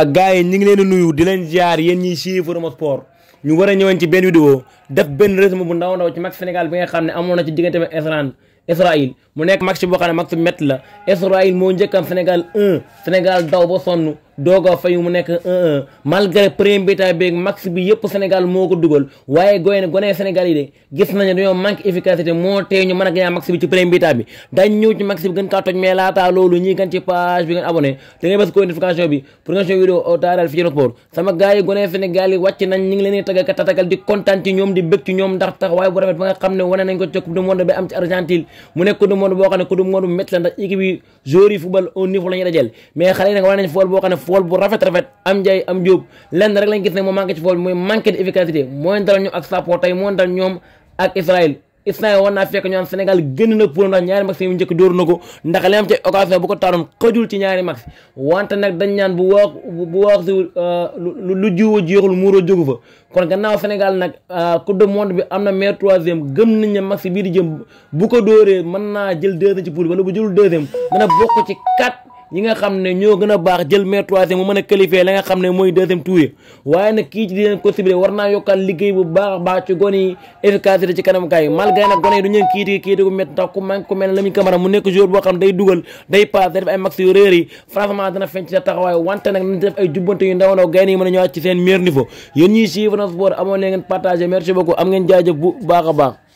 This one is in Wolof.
ak gars yi ngi leen di nuyu di leen jaar yéen ñiy suivre Rmo Sport ñu war a ñëwoon ci benn vidéo def benn résumé bu ndaw ndaw ci match Sénégal bi nga xam ne amoon na ci diggante ak Israël Israël mu nekk match boo xam ne match métti la Israël moo njëkkam Sénégal 1 Sénégal daw ba sonn dogo fay mu nek 1-1 malgré premier bita beeg max bi yep senegal moko duggal waye goyene goné senegal yi de gis nañu dañu manque efficacité mo tee ñu mën a max bi ci premier bita bi dañ ñu ci max bi gën ka toj mais la ta lolu ñi gën ci page bi gën abonné da ngay bass ko notification bi pour nga show vidéo au taral fi ci sport sama gaay yi gone sénégal yi wacc nañ ñi ngi leni di tagal ka tatagal di kontaan ci ñom di bëkk ci ñom ndax tax waye bu rafet ba nga xamné ne nañ ko ci coupe du monde bi am ci argentine mu nek coupe du monde bo xamné ne coupe du monde metti la ndax équipe bi joueurs yi football au niveau lañu dajel mais xalé yi nag nañ football bo xamné fool bu rafet rafet am njaay am jóob lenn rek lañ gis ne moo manqué ci fool bi mooy manqué de efficacité mooy dal ñoom ak Sappo tey mooy dal ñoom ak Israël Israël war naa fekk ñu am gën na ko ndax li am ci occasion ñaari max wante nag dañ ñaan bu wax bu wax si euh, lu jiwo jeexul muuroo jógu fa kon gannaaw senegal nag euh, coupe du monde bi am na meilleur troisième gëm nañ ne max bii di jëm bu ko dooree mën naa jël deuxième ci poule wala bu jëlul deuxième dana bokk ci quatre ñi nga xam ne ñoo gën a baax jël maire troisième mu mën a qualifier la nga xam ne mooy deuxième tour yi waaye nag kii ci di leen ko sibile war naa yokkal liggéey bu baax a baax ci gone yi efficacité ci kanam gars yi malgré gone yi du ñu kiiti kiiti gu métti ndax ku manque ku mel ne Lamine Camara mu nekk joueur boo xam day dugal day passe day ay max yu réer yi dana feeñ taxawaay wante nag nañ def ay jubbante yu ndaw ndaw gars yi mën a ñëwaat ci seen meilleur niveau yéen ñiy suivre sport amoon na baax